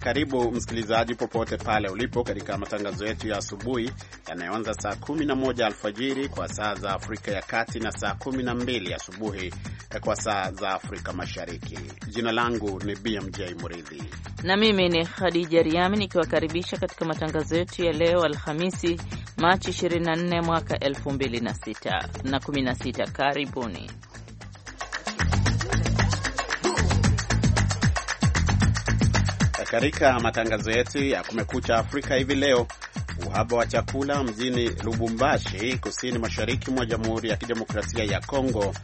Karibu msikilizaji, popote pale ulipo, katika matangazo yetu ya asubuhi yanayoanza saa 11 alfajiri kwa saa za Afrika ya Kati na saa 12 asubuhi kwa saa za Afrika Mashariki. Jina langu ni BMJ Muridhi na mimi ni Khadija Riami nikiwakaribisha katika matangazo yetu ya leo Alhamisi, Machi 24 mwaka 2016 na 16. Karibuni. Katika matangazo yetu ya Kumekucha Afrika hivi leo, uhaba wa chakula mjini Lubumbashi, kusini mashariki mwa Jamhuri ya Kidemokrasia ya Kongo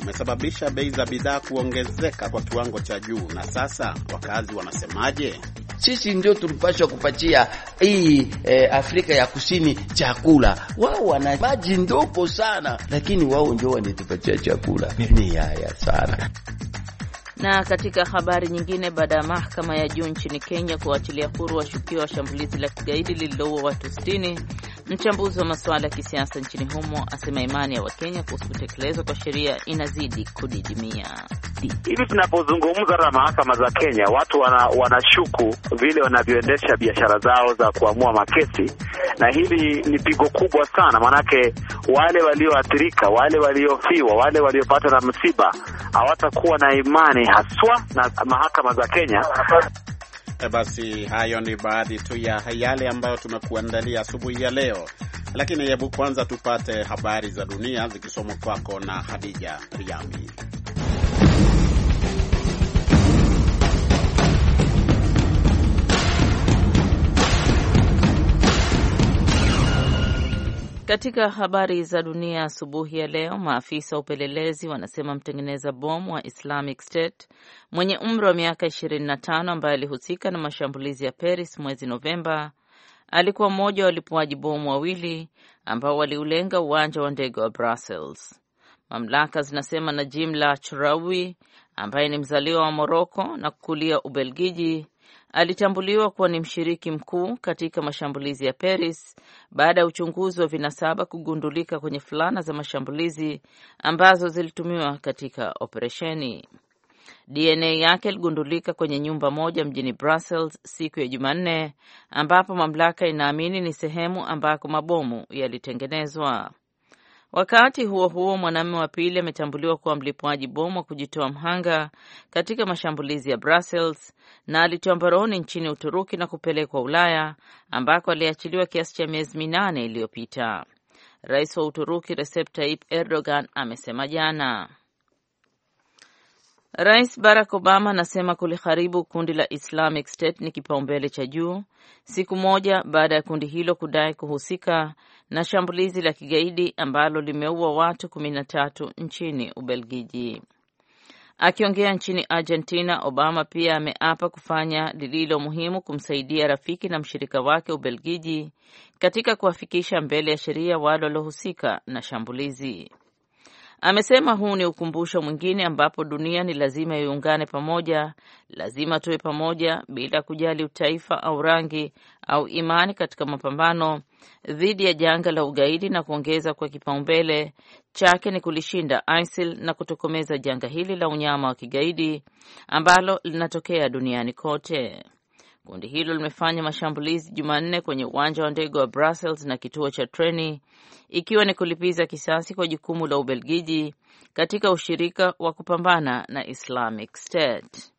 umesababisha bei za bidhaa kuongezeka kwa kiwango cha juu. Na sasa wakazi wanasemaje? Sisi ndio tulipashwa kupatia hii e, Afrika ya Kusini chakula. Wao wana maji ndopo sana, lakini wao ndio wanitupatia chakula. Ni haya sana na katika habari nyingine, baada ya mahakama ya juu nchini Kenya kuachilia huru washukiwa wa shambulizi la kigaidi lililoua watu 60 Mchambuzi wa masuala ya kisiasa nchini humo asema imani ya Wakenya kuhusu kutekelezwa kwa sheria inazidi kudidimia. Hivi tunapozungumza na mahakama za Kenya, watu wana, wanashuku vile wanavyoendesha biashara zao za kuamua makesi, na hili ni pigo kubwa sana, maanake wale walioathirika, wale waliofiwa, wale waliopata na msiba hawatakuwa na imani haswa na mahakama za Kenya. Eh, basi hayo ni baadhi tu ya yale ambayo tumekuandalia asubuhi ya leo, lakini hebu kwanza tupate habari za dunia zikisomwa kwako na Hadija Riami. Katika habari za dunia asubuhi ya leo, maafisa wa upelelezi wanasema mtengeneza bomu wa Islamic State mwenye umri wa miaka 25 ambaye alihusika na mashambulizi ya Paris mwezi Novemba alikuwa mmoja wa walipuaji bomu wawili ambao waliulenga uwanja wa ndege wa Brussels. Mamlaka zinasema Najim churawi ambaye ni mzaliwa wa Moroko na kukulia Ubelgiji alitambuliwa kuwa ni mshiriki mkuu katika mashambulizi ya Paris baada ya uchunguzi wa vinasaba kugundulika kwenye fulana za mashambulizi ambazo zilitumiwa katika operesheni. DNA yake iligundulika kwenye nyumba moja mjini Brussels siku ya Jumanne, ambapo mamlaka inaamini ni sehemu ambako mabomu yalitengenezwa. Wakati huo huo, mwanamume wa pili ametambuliwa kuwa mlipuaji bomu wa kujitoa mhanga katika mashambulizi ya Brussels na alitoa mbaroni nchini Uturuki na kupelekwa Ulaya ambako aliachiliwa kiasi cha miezi minane iliyopita. Rais wa Uturuki Recep Tayyip Erdogan amesema jana. Rais Barack Obama anasema kuliharibu kundi la Islamic State ni kipaumbele cha juu, siku moja baada ya kundi hilo kudai kuhusika na shambulizi la kigaidi ambalo limeua watu kumi na tatu nchini Ubelgiji. Akiongea nchini Argentina, Obama pia ameapa kufanya lililo muhimu kumsaidia rafiki na mshirika wake Ubelgiji katika kuwafikisha mbele ya sheria wale waliohusika na shambulizi. Amesema huu ni ukumbusho mwingine ambapo dunia ni lazima iungane pamoja, lazima tuwe pamoja bila kujali utaifa au rangi au imani katika mapambano dhidi ya janga la ugaidi, na kuongeza kwa kipaumbele chake ni kulishinda ISIL na kutokomeza janga hili la unyama wa kigaidi ambalo linatokea duniani kote. Kundi hilo limefanya mashambulizi Jumanne kwenye uwanja wa ndege wa Brussels na kituo cha treni, ikiwa ni kulipiza kisasi kwa jukumu la Ubelgiji katika ushirika wa kupambana na Islamic State.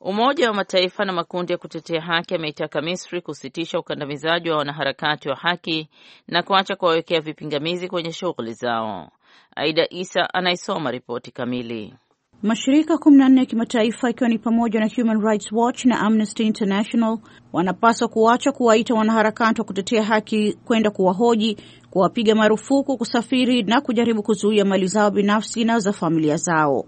Umoja wa Mataifa na makundi ya kutetea haki yameitaka Misri kusitisha ukandamizaji wa wanaharakati wa haki na kuacha kuwawekea vipingamizi kwenye shughuli zao. Aida Isa anaisoma ripoti kamili. Mashirika 14 ya kimataifa ikiwa ni pamoja na Human Rights Watch na Amnesty International wanapaswa kuacha kuwaita wanaharakati wa kutetea haki kwenda kuwahoji, kuwapiga marufuku kusafiri na kujaribu kuzuia mali zao binafsi na za familia zao.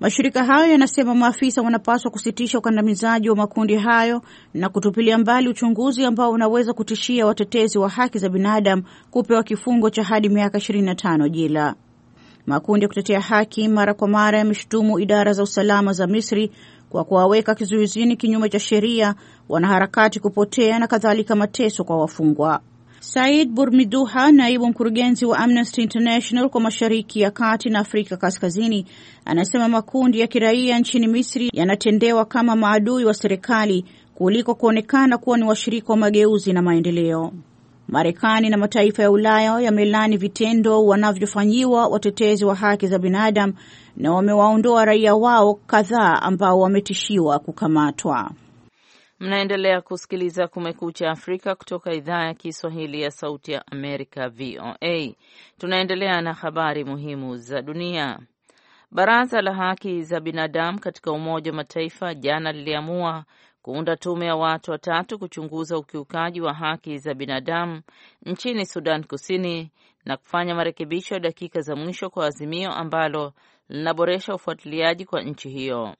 Mashirika hayo yanasema maafisa wanapaswa kusitisha ukandamizaji wa makundi hayo na kutupilia mbali uchunguzi ambao unaweza kutishia watetezi wa haki za binadamu kupewa kifungo cha hadi miaka 25 jela. Makundi ya kutetea haki mara kwa mara yameshutumu idara za usalama za Misri kwa kuwaweka kizuizini kinyume cha sheria, wanaharakati kupotea na kadhalika, mateso kwa wafungwa. Said Burmiduha, naibu mkurugenzi wa Amnesty International kwa Mashariki ya Kati na Afrika Kaskazini, anasema makundi ya kiraia nchini Misri yanatendewa kama maadui wa serikali kuliko kuonekana kuwa ni washirika wa mageuzi na maendeleo. Marekani na mataifa ya Ulaya yamelani vitendo wanavyofanyiwa watetezi wa haki za binadamu na wamewaondoa raia wao kadhaa ambao wametishiwa kukamatwa. Mnaendelea kusikiliza Kumekucha Afrika kutoka idhaa ya Kiswahili ya Sauti ya Amerika, VOA. Tunaendelea na habari muhimu za dunia. Baraza la Haki za Binadamu katika Umoja wa Mataifa jana liliamua kuunda tume ya watu watatu kuchunguza ukiukaji wa haki za binadamu nchini Sudan Kusini na kufanya marekebisho ya dakika za mwisho kwa azimio ambalo linaboresha ufuatiliaji kwa nchi hiyo.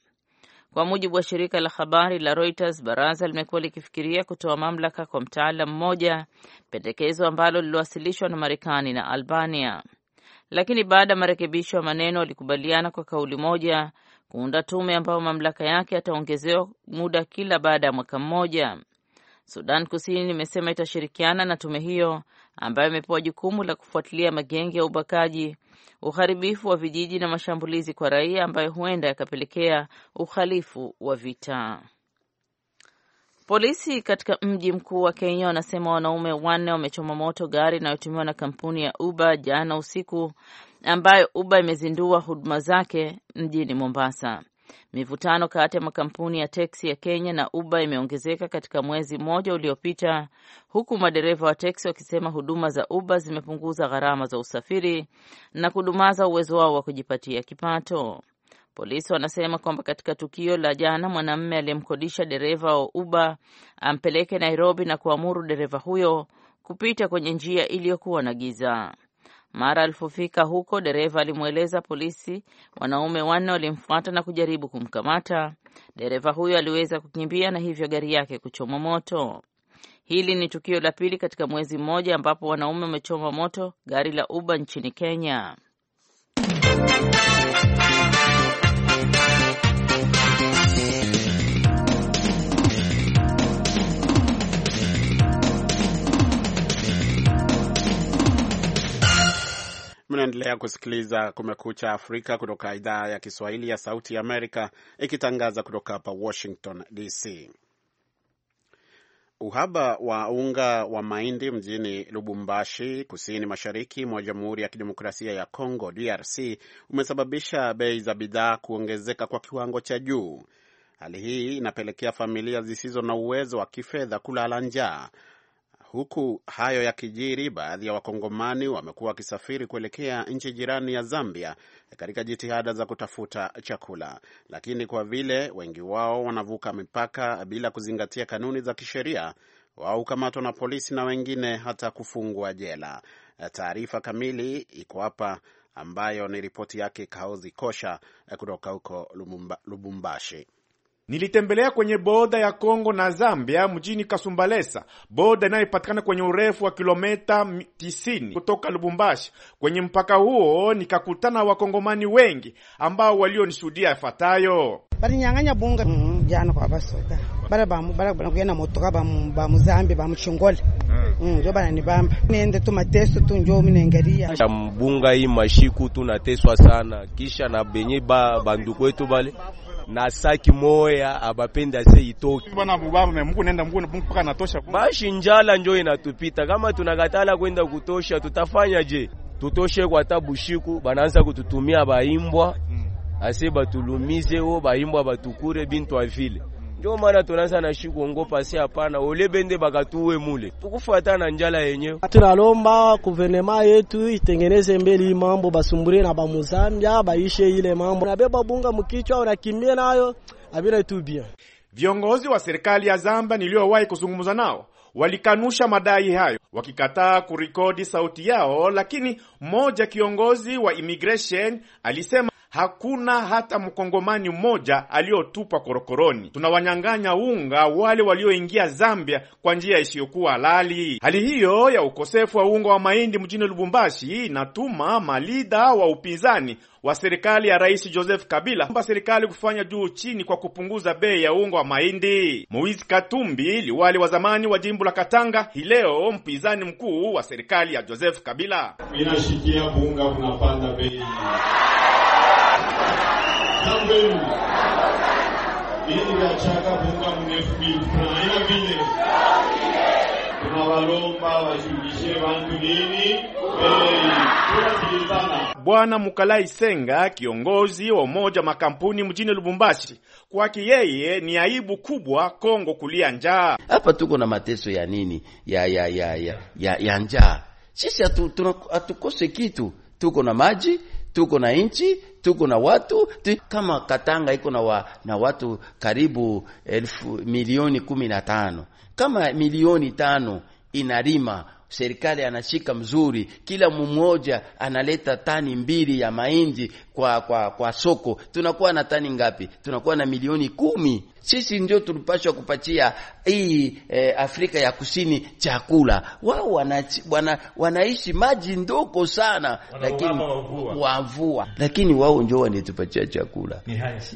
Kwa mujibu wa shirika la habari la Reuters, baraza limekuwa likifikiria kutoa mamlaka kwa mtaalam mmoja, pendekezo ambalo liliwasilishwa na Marekani na Albania, lakini baada ya marekebisho ya maneno walikubaliana kwa kauli moja kuunda tume ambayo mamlaka yake yataongezewa muda kila baada ya mwaka mmoja. Sudan Kusini imesema itashirikiana na tume hiyo ambayo imepewa jukumu la kufuatilia magenge ya ubakaji, uharibifu wa vijiji na mashambulizi kwa raia ambayo huenda yakapelekea uhalifu wa vita. Polisi katika mji mkuu wa Kenya wanasema wanaume wanne wamechoma moto gari inayotumiwa na kampuni ya Uber jana usiku ambayo Uber imezindua huduma zake mjini Mombasa. Mivutano kati ya makampuni ya teksi ya Kenya na Uber imeongezeka katika mwezi mmoja uliopita, huku madereva wa teksi wakisema huduma za Uber zimepunguza gharama za usafiri na kudumaza uwezo wao wa kujipatia kipato. Polisi wanasema kwamba katika tukio la jana, mwanamume aliyemkodisha dereva wa Uber ampeleke Nairobi na kuamuru dereva huyo kupita kwenye njia iliyokuwa na giza. Mara alipofika huko, dereva alimweleza polisi wanaume wanne walimfuata na kujaribu kumkamata. Dereva huyo aliweza kukimbia na hivyo gari yake kuchoma moto. Hili ni tukio la pili katika mwezi mmoja ambapo wanaume wamechoma moto gari la Uber nchini Kenya. Unaendelea kusikiliza Kumekucha Afrika kutoka idhaa ya Kiswahili ya Sauti Amerika, ikitangaza kutoka hapa Washington DC. Uhaba wa unga wa mahindi mjini Lubumbashi, kusini mashariki mwa Jamhuri ya Kidemokrasia ya congo DRC, umesababisha bei za bidhaa kuongezeka kwa kiwango cha juu. Hali hii inapelekea familia zisizo na uwezo wa kifedha kulala njaa Huku hayo yakijiri, baadhi ya Wakongomani wamekuwa wakisafiri kuelekea nchi jirani ya Zambia katika jitihada za kutafuta chakula, lakini kwa vile wengi wao wanavuka mipaka bila kuzingatia kanuni za kisheria, wao hukamatwa na polisi na wengine hata kufungwa jela. Taarifa kamili iko hapa, ambayo ni ripoti yake Kaozi Kosha kutoka huko Lubumbashi. Nilitembelea kwenye boda ya Kongo na Zambia mjini Kasumbalesa, boda inayopatikana kwenye urefu wa kilometa 90 kutoka Lubumbashi. Kwenye mpaka huo nikakutana wakongomani wengi ambao walionishuhudia yafuatayo. Balinyang'anya bunga mm -hmm. jana kwa basoda bara bamu bara banakuya na motoka bamu bamu zambi bamu chingole mm. mm, njo bana ni bamba niende tu mateso tu njo minengaria ya mbunga hii mashiku tunateswa sana, kisha na benye ba banduku wetu bale na saki moya abapenda se itoke bashi njala njo inatupita. Kama tunakatala kwenda kutosha, tutafanya je? Tutoshe kwa tabu shiku banaanza kututumia baimbwa mm. ase batulumize o baimbwa batukure bintu avile ndio maana tunaanza na shi kuongopa, hapana, olebende bakatuwe mule tukufuata na njala yenye Tunalomba kuvernema yetu itengeneze mbele mambo, basumbure na bamuzambia baishe ile mambo, nabeba bunga mkichwa unakimbia nayo abira tu bien. Viongozi wa serikali ya Zambia niliyowahi kuzungumza nao walikanusha madai hayo wakikataa kurikodi sauti yao, lakini mmoja kiongozi wa immigration alisema hakuna hata mkongomani mmoja aliyotupwa korokoroni. Tunawanyang'anya unga wale walioingia Zambia kwa njia isiyokuwa halali. Hali hiyo ya ukosefu wa unga wa mahindi mjini Lubumbashi inatuma malida wa upinzani wa serikali ya Rais Joseph Kabila omba serikali kufanya juu chini kwa kupunguza bei ya unga wa mahindi. Moise Katumbi, liwali wa zamani wa jimbo la Katanga, hi leo mpinzani mkuu wa serikali ya Joseph Kabila. unapanda bei aina vile tunawalomba nini Bwana Mukalai Senga, kiongozi wa umoja makampuni mjini Lubumbashi, kwake yeye ni aibu kubwa Kongo kulia njaa. Hapa tuko na mateso ya nini? Ya ya ya ya, ya, ya njaa. Sisi hatukose kitu, tuko na maji tuko na nchi, tuko na watu tu, kama Katanga iko na, wa, na watu karibu elfu milioni kumi na tano, kama milioni tano inarima serikali anashika mzuri, kila mmoja analeta tani mbili ya mahindi kwa, kwa, kwa soko, tunakuwa na tani ngapi? Tunakuwa na milioni kumi. Sisi ndio tulipashwa kupatia hii e, Afrika ya Kusini chakula. Wao wana, wana, wanaishi maji ndoko sana, lakini wavua, lakini wao ndio wanatupatia chakula.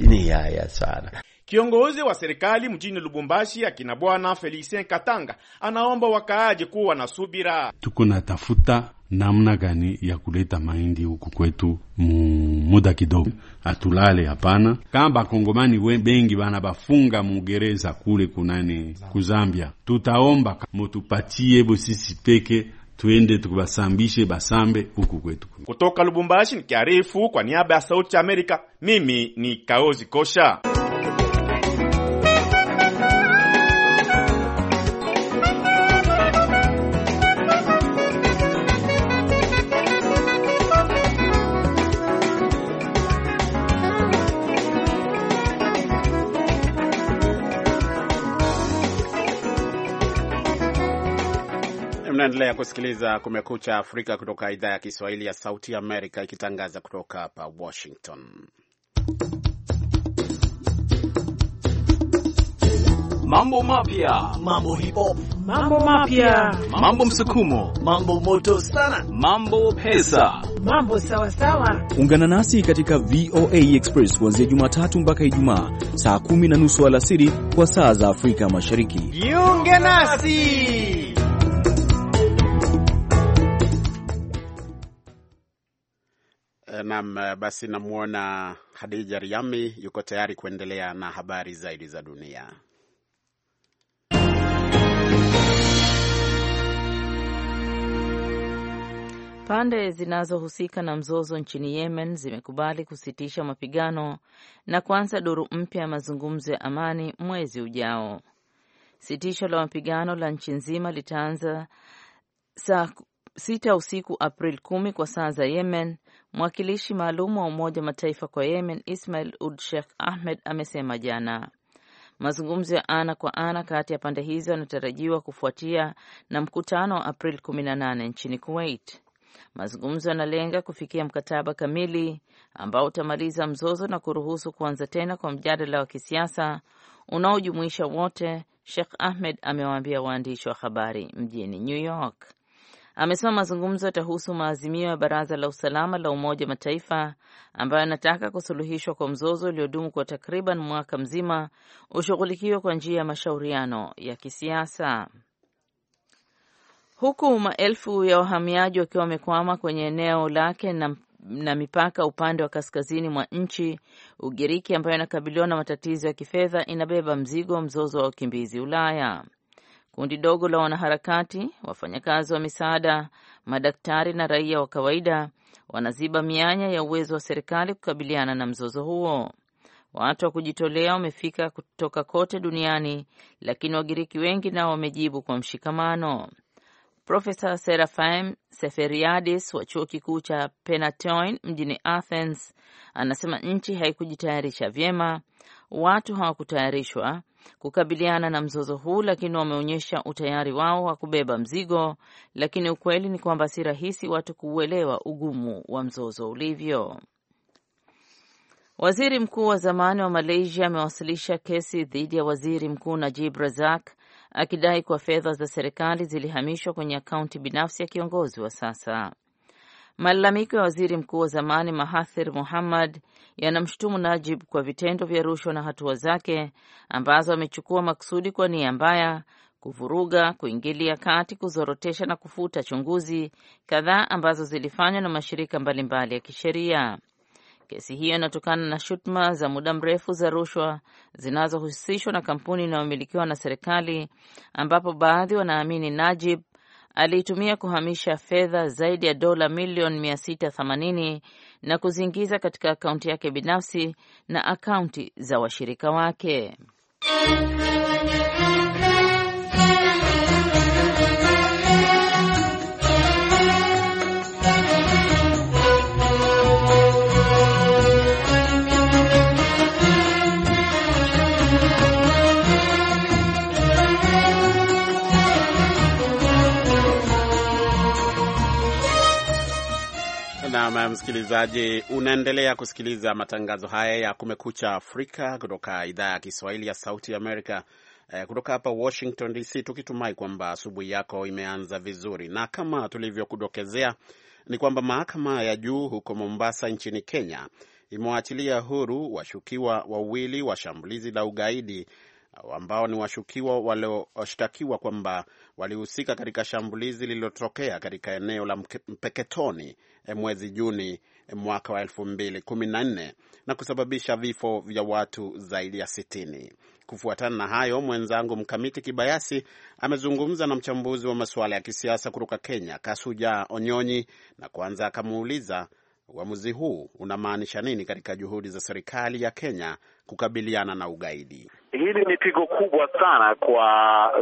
ni haya sana. Kiongozi wa serikali mjini Lubumbashi akina bwana Felicien Katanga anaomba wakaaji kuwa na subira. Tuko na tafuta namna gani ya kuleta mahindi huku kwetu muda kidogo, atulale hapana. Kama bakongomani bengi bana bafunga mugereza kule kunani kuzambia, tutaomba mutupatie bo peke tuende tukubasambishe basambe huku kwetu. Kutoka Lubumbashi nikiarifu kwa niaba ya Sauti ya Amerika, mimi ni Kaozi Kosha. Unaendelea kusikiliza Kumekucha Afrika kutoka idhaa ya Kiswahili ya Sauti Amerika, ikitangaza kutoka hapa Washington. Mambo mapya, mambo hip hop, mambo mapya, mambo msukumo, mambo moto sana, mambo pesa, mambo sawa sawa. Ungana nasi katika VOA Express kuanzia Jumatatu mpaka Ijumaa saa kumi na nusu alasiri kwa saa za Afrika Mashariki. Jiunge nasi. Naam, eh, basi namwona Hadija Riami yuko tayari kuendelea na habari zaidi za dunia. Pande zinazohusika na mzozo nchini Yemen zimekubali kusitisha mapigano na kuanza duru mpya ya mazungumzo ya amani mwezi ujao. Sitisho la mapigano la nchi nzima litaanza saa sita usiku April kumi kwa saa za Yemen. Mwakilishi maalum wa Umoja wa Mataifa kwa Yemen Ismail Ud Sheikh Ahmed amesema jana mazungumzo ya ana kwa ana kati ya pande hizo yanatarajiwa kufuatia na mkutano wa April 18 nchini Kuwait. Mazungumzo yanalenga kufikia mkataba kamili ambao utamaliza mzozo na kuruhusu kuanza tena kwa mjadala wa kisiasa unaojumuisha wote, Sheikh Ahmed amewaambia waandishi wa habari mjini New York amesema mazungumzo yatahusu maazimio ya Baraza la Usalama la Umoja Mataifa ambayo anataka kusuluhishwa kwa mzozo uliodumu kwa takriban mwaka mzima ushughulikiwe kwa njia ya mashauriano ya kisiasa. Huku maelfu ya wahamiaji wakiwa wamekwama kwenye eneo lake na, na mipaka upande wa kaskazini mwa nchi, Ugiriki ambayo inakabiliwa na matatizo ya kifedha inabeba mzigo wa mzozo wa wakimbizi Ulaya. Kundi dogo la wanaharakati, wafanyakazi wa misaada, madaktari na raia wa kawaida wanaziba mianya ya uwezo wa serikali kukabiliana na mzozo huo. Watu wa kujitolea wamefika kutoka kote duniani, lakini Wagiriki wengi nao wamejibu kwa mshikamano. Profesa Serafim Seferiadis wa chuo kikuu cha Penatoin mjini Athens anasema nchi haikujitayarisha vyema, watu hawakutayarishwa kukabiliana na mzozo huu, lakini wameonyesha utayari wao wa kubeba mzigo, lakini ukweli ni kwamba si rahisi watu kuuelewa ugumu wa mzozo ulivyo. Waziri mkuu wa zamani wa Malaysia amewasilisha kesi dhidi ya waziri mkuu Najib Razak akidai kuwa fedha za serikali zilihamishwa kwenye akaunti binafsi ya kiongozi wa sasa. Malalamiko ya waziri mkuu wa zamani Mahathir Muhammad yanamshutumu Najib kwa vitendo vya rushwa na hatua zake ambazo amechukua makusudi kwa nia mbaya kuvuruga, kuingilia kati, kuzorotesha na kufuta chunguzi kadhaa ambazo zilifanywa na mashirika mbalimbali ya kisheria. Kesi hiyo inatokana na shutuma za muda mrefu za rushwa zinazohusishwa na kampuni inayomilikiwa na serikali ambapo baadhi wanaamini Najib aliitumia kuhamisha fedha zaidi ya dola milioni 680 na kuziingiza katika akaunti yake binafsi na akaunti za washirika wake. Naam, msikilizaji, unaendelea kusikiliza matangazo haya ya Kumekucha Afrika kutoka idhaa ya Kiswahili ya Sauti Amerika eh, kutoka hapa Washington DC, tukitumai kwamba asubuhi yako imeanza vizuri. Na kama tulivyokudokezea ni kwamba mahakama ya juu huko Mombasa nchini Kenya imewaachilia huru washukiwa wawili wa shambulizi la ugaidi ambao ni washukiwa walioshtakiwa kwamba walihusika katika shambulizi lililotokea katika eneo la Mpeketoni eh, mwezi Juni eh, mwaka wa elfu mbili kumi na nne na kusababisha vifo vya watu zaidi ya sitini. Kufuatana na hayo, mwenzangu Mkamiti Kibayasi amezungumza na mchambuzi wa masuala ya kisiasa kutoka Kenya, Kasuja Onyonyi, na kwanza akamuuliza uamuzi huu unamaanisha nini katika juhudi za serikali ya Kenya kukabiliana na ugaidi hili ni pigo kubwa sana kwa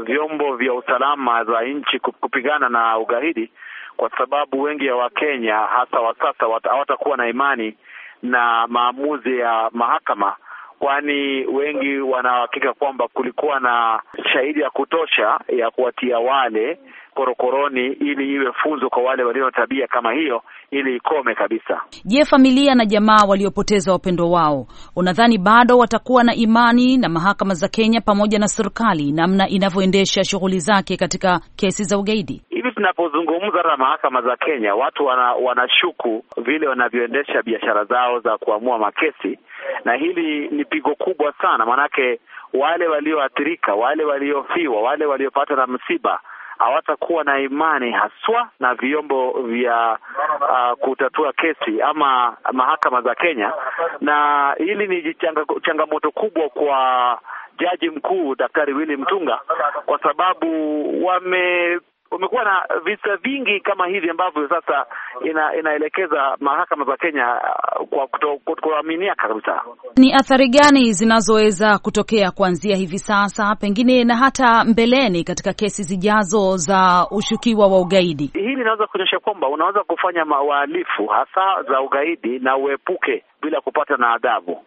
vyombo vya usalama za nchi kupigana na ugaidi, kwa sababu wengi ya Wakenya hasa wa sasa hawatakuwa na imani na maamuzi ya mahakama, kwani wengi wanahakika kwamba kulikuwa na shahidi ya kutosha ya kuwatia wale korokoroni, ili iwe funzo kwa wale walio tabia kama hiyo, ili ikome kabisa. Je, familia na jamaa waliopoteza wapendo wao, unadhani bado watakuwa na imani na mahakama za Kenya pamoja na serikali namna inavyoendesha shughuli zake katika kesi za ugaidi? Hivi tunapozungumza, na mahakama za Kenya watu wana, wanashuku vile wanavyoendesha biashara zao za kuamua makesi, na hili ni pigo kubwa sana, maanake wale walioathirika, wale waliofiwa, wale waliopata na msiba hawatakuwa na imani haswa na vyombo vya uh, kutatua kesi ama mahakama za Kenya, na hili ni changamoto kubwa kwa jaji mkuu Daktari Willy Mtunga kwa sababu wame kumekuwa na visa vingi kama hivi ambavyo sasa ina, inaelekeza mahakama za Kenya uh, kwa kutoaminia kabisa. Ni athari gani zinazoweza kutokea kuanzia hivi sasa, pengine na hata mbeleni, katika kesi zijazo za ushukiwa wa ugaidi? Hili linaweza kuonyesha kwamba unaweza kufanya mawahalifu hasa za ugaidi na uepuke bila kupata na adhabu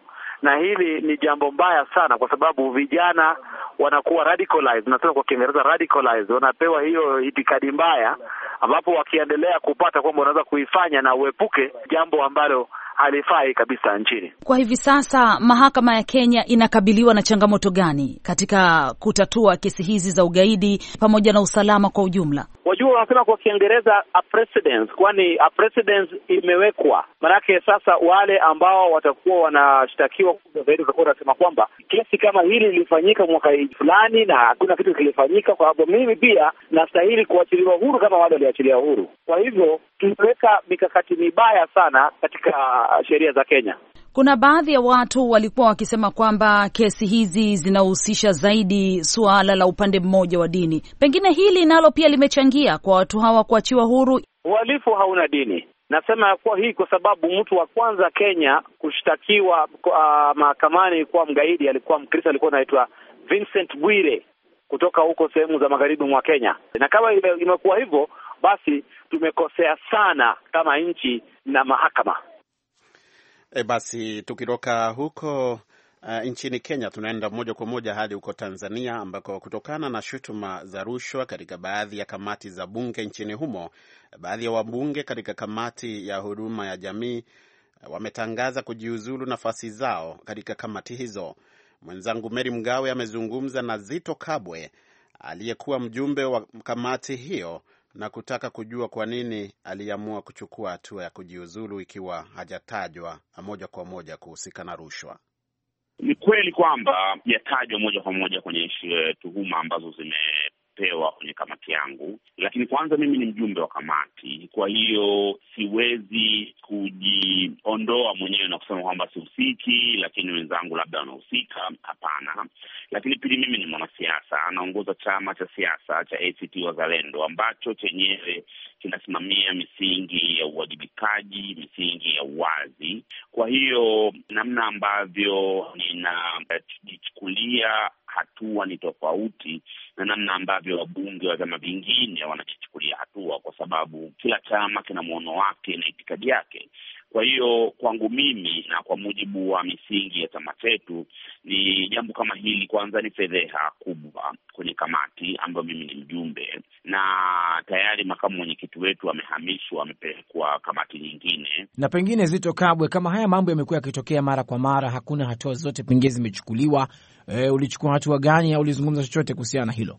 na hili ni jambo mbaya sana, kwa sababu vijana wanakuwa radicalized, nasema kwa Kiingereza radicalized, wanapewa hiyo itikadi mbaya, ambapo wakiendelea kupata kwamba wanaweza kuifanya na uepuke jambo ambalo halifai kabisa nchini. Kwa hivi sasa mahakama ya Kenya inakabiliwa na changamoto gani katika kutatua kesi hizi za ugaidi pamoja na usalama kwa ujumla? Wajua, wanasema kwa Kiingereza a precedence, kwani a precedence imewekwa. Maanake sasa wale ambao watakuwa wanashtakiwa zaidi watakuwa wanasema kwamba kesi kama hili lilifanyika mwaka fulani na hakuna kitu kilifanyika, kwa sababu mimi pia nastahili kuachiliwa huru kama wale waliachiliwa huru. Kwa hivyo tumeweka mikakati mibaya sana katika Uh, sheria za Kenya. Kuna baadhi ya watu walikuwa wakisema kwamba kesi hizi zinahusisha zaidi suala la upande mmoja wa dini. Pengine hili nalo pia limechangia kwa watu hawa kuachiwa huru. Uhalifu hauna dini. Nasema ya kuwa hii kwa sababu mtu wa kwanza Kenya kushtakiwa uh, mahakamani kuwa mgaidi alikuwa Mkristo, alikuwa anaitwa Vincent Bwire kutoka huko sehemu za magharibi mwa Kenya, na kama imekuwa hivyo, basi tumekosea sana kama nchi na mahakama. E, basi tukitoka huko Uh, nchini Kenya tunaenda moja kwa moja hadi huko Tanzania ambako kutokana na shutuma za rushwa katika baadhi ya kamati za bunge nchini humo, baadhi ya wabunge katika kamati ya huduma ya jamii eh, wametangaza kujiuzulu nafasi zao katika kamati hizo. Mwenzangu Meri Mgawe amezungumza na Zito Kabwe aliyekuwa mjumbe wa kamati hiyo na kutaka kujua kwa nini aliamua kuchukua hatua ya kujiuzulu ikiwa hajatajwa moja kwa moja kuhusika na rushwa. Ni kweli kwamba yatajwa moja kwa moja kwenye eh, tuhuma ambazo zime niliyopewa kwenye kamati yangu, lakini kwanza mimi ni mjumbe wa kamati, kwa hiyo siwezi kujiondoa mwenyewe na kusema kwamba sihusiki, lakini wenzangu labda wanahusika. Hapana. Lakini pili, mimi ni mwanasiasa, anaongoza chama cha siasa cha ACT Wazalendo ambacho chenyewe kinasimamia misingi ya uwajibikaji, misingi ya uwazi. Kwa hiyo namna ambavyo ninajichukulia hatua ni tofauti na namna ambavyo wabunge wa vyama vingine wanakichukulia hatua, kwa sababu kila chama kina muono wake na itikadi yake. Kwa hiyo kwangu mimi na kwa mujibu wa misingi ya chama chetu, ni jambo kama hili kwanza ni fedheha kubwa kwenye kamati ambayo mimi ni mjumbe, na tayari makamu mwenyekiti wetu amehamishwa, amepelekwa kamati nyingine. Na pengine Zito Kabwe, kama haya mambo yamekuwa yakitokea mara kwa mara, hakuna hatua zote pengine zimechukuliwa, e, ulichukua hatua gani au ulizungumza chochote kuhusiana na hilo?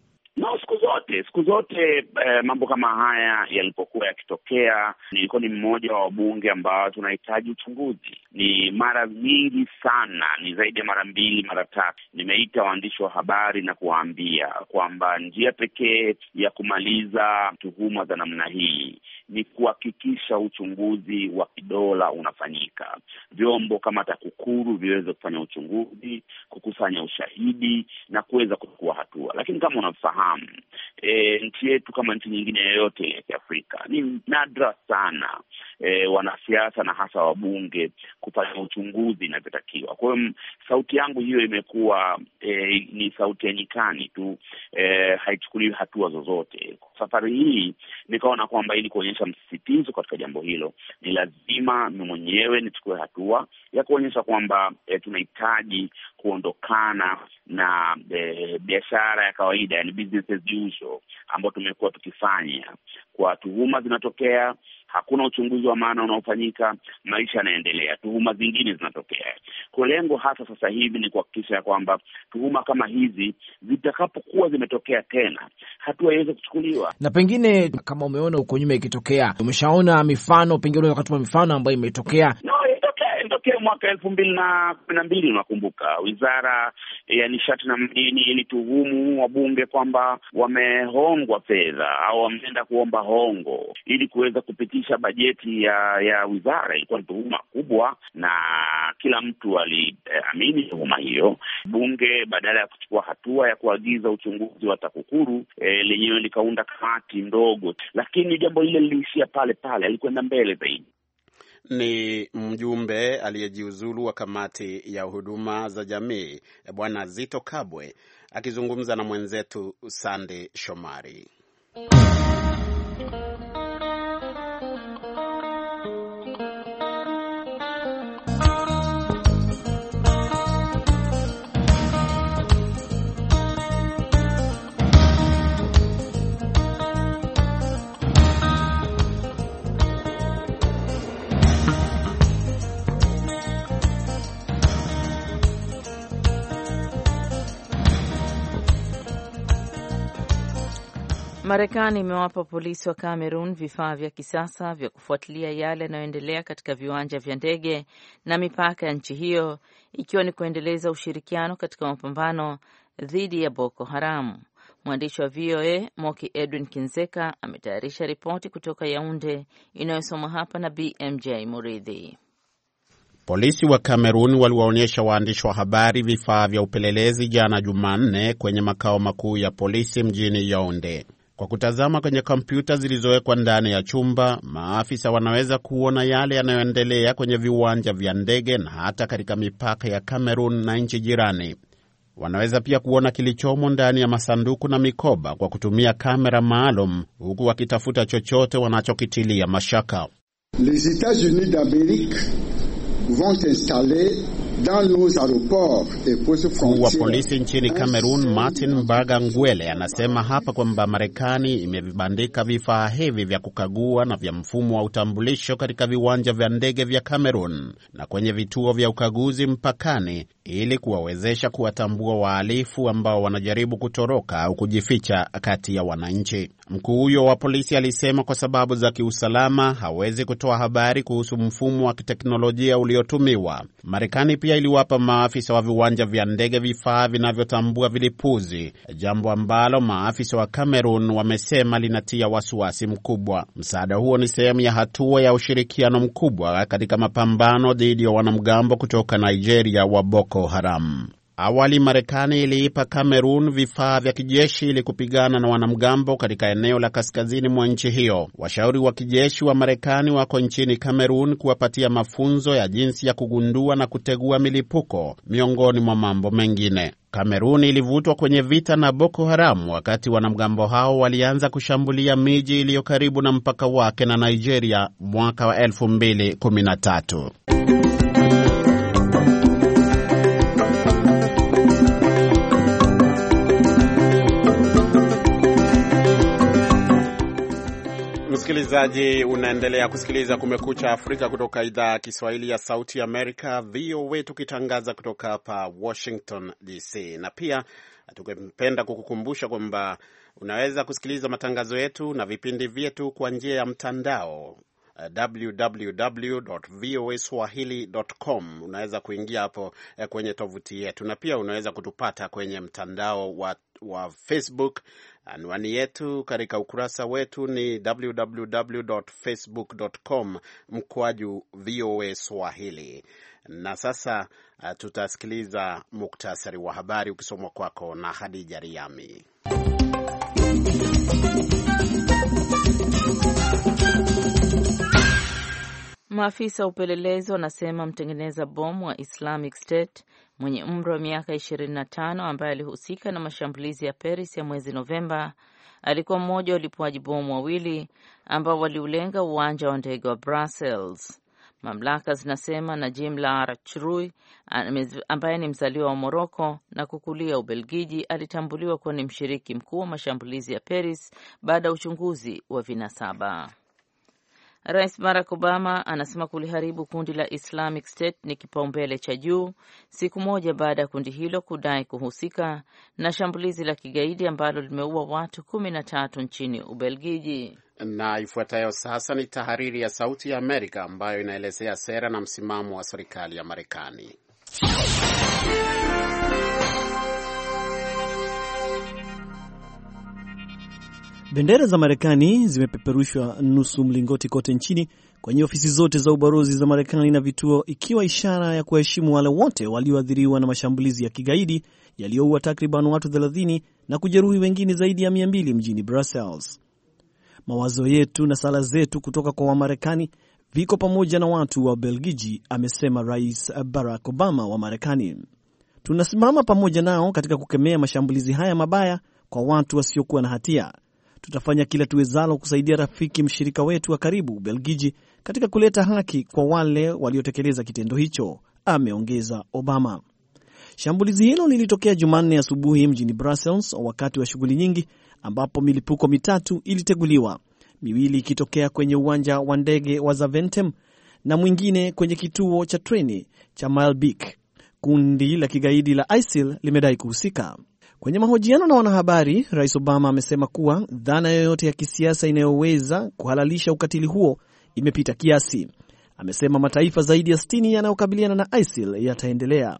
zote siku zote eh, mambo kama haya yalipokuwa yakitokea, nilikuwa ni mmoja wa wabunge ambao tunahitaji uchunguzi. Ni mara nyingi sana, ni zaidi ya mara mbili mara tatu, nimeita waandishi wa habari na kuwaambia kwamba njia pekee ya kumaliza tuhuma za namna hii ni kuhakikisha uchunguzi wa kidola unafanyika, vyombo kama TAKUKURU viweze kufanya uchunguzi, kukusanya ushahidi na kuweza kuchukua hatua, lakini kama unafahamu e, nchi yetu kama nchi nyingine yoyote ya Kiafrika. Ni nadra sana e, wanasiasa na hasa wabunge kufanya uchunguzi inavyotakiwa. Kwa hiyo mm, sauti yangu hiyo imekuwa e, ni sauti ya nyikani tu e, haichukuliwi hatua zozote. Safari hii nikaona kwamba ili kuonyesha msisitizo katika jambo hilo, ni lazima mi mwenyewe nichukue hatua ya kuonyesha kwamba e, tunahitaji kuondokana na e, biashara ya kawaida, yani business as usual mchakato ambao tumekuwa tukifanya, kwa tuhuma zinatokea, hakuna uchunguzi wa maana unaofanyika, maisha yanaendelea, tuhuma zingine zinatokea. Kwa lengo hasa sasa hivi ni kuhakikisha ya kwamba tuhuma kama hizi zitakapokuwa zimetokea tena, hatua iweze kuchukuliwa. Na pengine kama umeona huko nyuma ikitokea, umeshaona mifano, pengine unaweza ukatuma mifano ambayo imetokea no tokea mwaka elfu mbili na kumi na mbili unakumbuka, wizara ya nishati na madini ilituhumu wabunge kwamba wamehongwa fedha au wameenda kuomba hongo ili kuweza kupitisha bajeti ya ya wizara. Ilikuwa ni tuhuma kubwa, na kila mtu aliamini eh, tuhuma hiyo. Bunge badala ya kuchukua hatua ya kuagiza uchunguzi wa TAKUKURU eh, lenyewe likaunda kamati ndogo, lakini jambo lile liliishia pale pale, alikwenda mbele zaidi. Ni mjumbe aliyejiuzulu wa kamati ya huduma za jamii Bwana Zito Kabwe akizungumza na mwenzetu Sande Shomari. Marekani imewapa polisi wa Cameroon vifaa vya kisasa vya kufuatilia yale yanayoendelea katika viwanja vya ndege na mipaka ya nchi hiyo ikiwa ni kuendeleza ushirikiano katika mapambano dhidi ya Boko Haram. Mwandishi wa VOA Moki Edwin Kinzeka ametayarisha ripoti kutoka Yaunde inayosoma hapa na BMJ Muridhi. Polisi wa Kamerun waliwaonyesha waandishi wa habari vifaa vya upelelezi jana Jumanne kwenye makao makuu ya polisi mjini Yaunde. Kwa kutazama kwenye kompyuta zilizowekwa ndani ya chumba, maafisa wanaweza kuona yale yanayoendelea kwenye viwanja vya ndege na hata katika mipaka ya Kamerun na nchi jirani. Wanaweza pia kuona kilichomo ndani ya masanduku na mikoba kwa kutumia kamera maalum, huku wakitafuta chochote wanachokitilia mashaka. Les Etats-Unis d'Amerique vont installer Mkuu wa polisi nchini Cameroon Martin Mbaga Ngwele anasema hapa kwamba Marekani imevibandika vifaa hivi vya kukagua na vya mfumo wa utambulisho katika viwanja vya ndege vya Cameroon na kwenye vituo vya ukaguzi mpakani ili kuwawezesha kuwatambua wahalifu ambao wanajaribu kutoroka au kujificha kati ya wananchi. Mkuu huyo wa polisi alisema kwa sababu za kiusalama hawezi kutoa habari kuhusu mfumo wa kiteknolojia uliotumiwa. Marekani pia iliwapa maafisa wa viwanja vya ndege vifaa vinavyotambua vilipuzi, jambo ambalo maafisa wa Cameroon wamesema linatia wasiwasi mkubwa. Msaada huo ni sehemu ya hatua ya ushirikiano mkubwa katika mapambano dhidi ya wanamgambo kutoka Nigeria wa Boko Boko Haram. Awali Marekani iliipa Kamerun vifaa vya kijeshi ili kupigana na wanamgambo katika eneo la kaskazini mwa nchi hiyo. Washauri wa kijeshi wa Marekani wako nchini Kamerun kuwapatia mafunzo ya jinsi ya kugundua na kutegua milipuko miongoni mwa mambo mengine. Kamerun ilivutwa kwenye vita na Boko Haram wakati wanamgambo hao walianza kushambulia miji iliyo karibu na mpaka wake na Nigeria mwaka wa 2013. Msikilizaji, unaendelea kusikiliza Kumekucha Afrika kutoka idhaa ya Kiswahili ya Sauti Amerika, VOA, tukitangaza kutoka hapa Washington DC, na pia tungependa kukukumbusha kwamba unaweza kusikiliza matangazo yetu na vipindi vyetu kwa njia ya mtandao www.voaswahili.com. Unaweza kuingia hapo eh, kwenye tovuti yetu, na pia unaweza kutupata kwenye mtandao wa wa Facebook. Anwani yetu katika ukurasa wetu ni com mkwaju VOA Swahili. Na sasa uh, tutasikiliza muktasari wa habari ukisomwa kwako na Hadija Riami. Maafisa wa upelelezi wanasema mtengeneza bomu wa Islamic State mwenye umri wa miaka 25 ambaye alihusika na mashambulizi ya Paris ya mwezi Novemba alikuwa mmoja wa walipuaji bomu wawili ambao waliulenga uwanja wa ndege wa Brussels. Mamlaka zinasema Najim Lar Chrui ambaye ni mzaliwa wa Moroko na kukulia Ubelgiji alitambuliwa kuwa ni mshiriki mkuu wa mashambulizi ya Paris baada ya uchunguzi wa vinasaba. Rais Barack Obama anasema kuliharibu kundi la Islamic State ni kipaumbele cha juu, siku moja baada ya kundi hilo kudai kuhusika na shambulizi la kigaidi ambalo limeua watu kumi na tatu nchini Ubelgiji. Na ifuatayo sasa ni tahariri ya Sauti ya Amerika ambayo inaelezea sera na msimamo wa serikali ya Marekani. Bendera za Marekani zimepeperushwa nusu mlingoti kote nchini kwenye ofisi zote za ubalozi za Marekani na vituo, ikiwa ishara ya kuheshimu wale wote walioathiriwa na mashambulizi ya kigaidi yaliyoua takriban watu 30 na kujeruhi wengine zaidi ya 200 mjini Brussels. Mawazo yetu na sala zetu kutoka kwa Wamarekani viko pamoja na watu wa Belgiji, amesema Rais Barack Obama wa Marekani. Tunasimama pamoja nao katika kukemea mashambulizi haya mabaya kwa watu wasiokuwa na hatia tutafanya kila tuwezalo kusaidia rafiki mshirika wetu wa karibu Ubelgiji katika kuleta haki kwa wale waliotekeleza kitendo hicho, ameongeza Obama. Shambulizi hilo lilitokea Jumanne asubuhi mjini Brussels wakati wa shughuli nyingi, ambapo milipuko mitatu iliteguliwa, miwili ikitokea kwenye uwanja wa ndege wa Zaventem na mwingine kwenye kituo cha treni cha Malbik. Kundi la kigaidi la ISIL limedai kuhusika. Kwenye mahojiano na wanahabari, Rais Obama amesema kuwa dhana yoyote ya kisiasa inayoweza kuhalalisha ukatili huo imepita kiasi. Amesema mataifa zaidi ya 60 yanayokabiliana na ISIL yataendelea.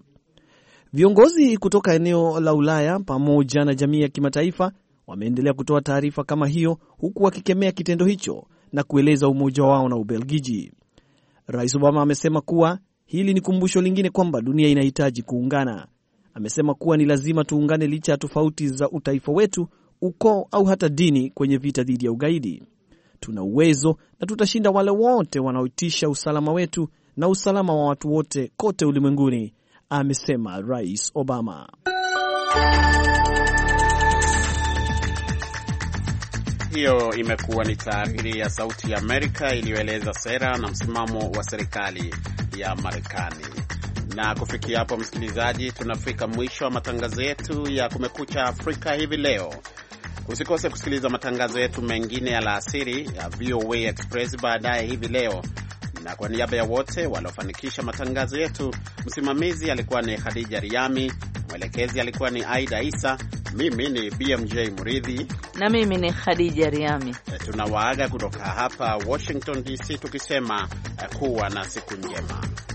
Viongozi kutoka eneo la Ulaya pamoja na jamii ya kimataifa wameendelea kutoa taarifa kama hiyo, huku wakikemea kitendo hicho na kueleza umoja wao na Ubelgiji. Rais Obama amesema kuwa hili ni kumbusho lingine kwamba dunia inahitaji kuungana amesema kuwa ni lazima tuungane licha ya tofauti za utaifa wetu, ukoo au hata dini kwenye vita dhidi ya ugaidi. Tuna uwezo na tutashinda wale wote wanaoitisha usalama wetu na usalama wa watu wote kote ulimwenguni, amesema Rais Obama. Hiyo imekuwa ni tahariri ya Sauti ya Amerika iliyoeleza sera na msimamo wa serikali ya Marekani. Na kufikia hapo, msikilizaji, tunafika mwisho wa matangazo yetu ya Kumekucha Afrika hivi leo. Usikose kusikiliza matangazo yetu mengine ya laasiri ya VOA Express baadaye hivi leo. Na kwa niaba ya wote waliofanikisha matangazo yetu, msimamizi alikuwa ni Khadija Riami, mwelekezi alikuwa ni Aida Isa, mimi ni BMJ Muridhi na mimi ni Khadija Riami. Tunawaaga kutoka hapa Washington DC tukisema eh, kuwa na siku njema.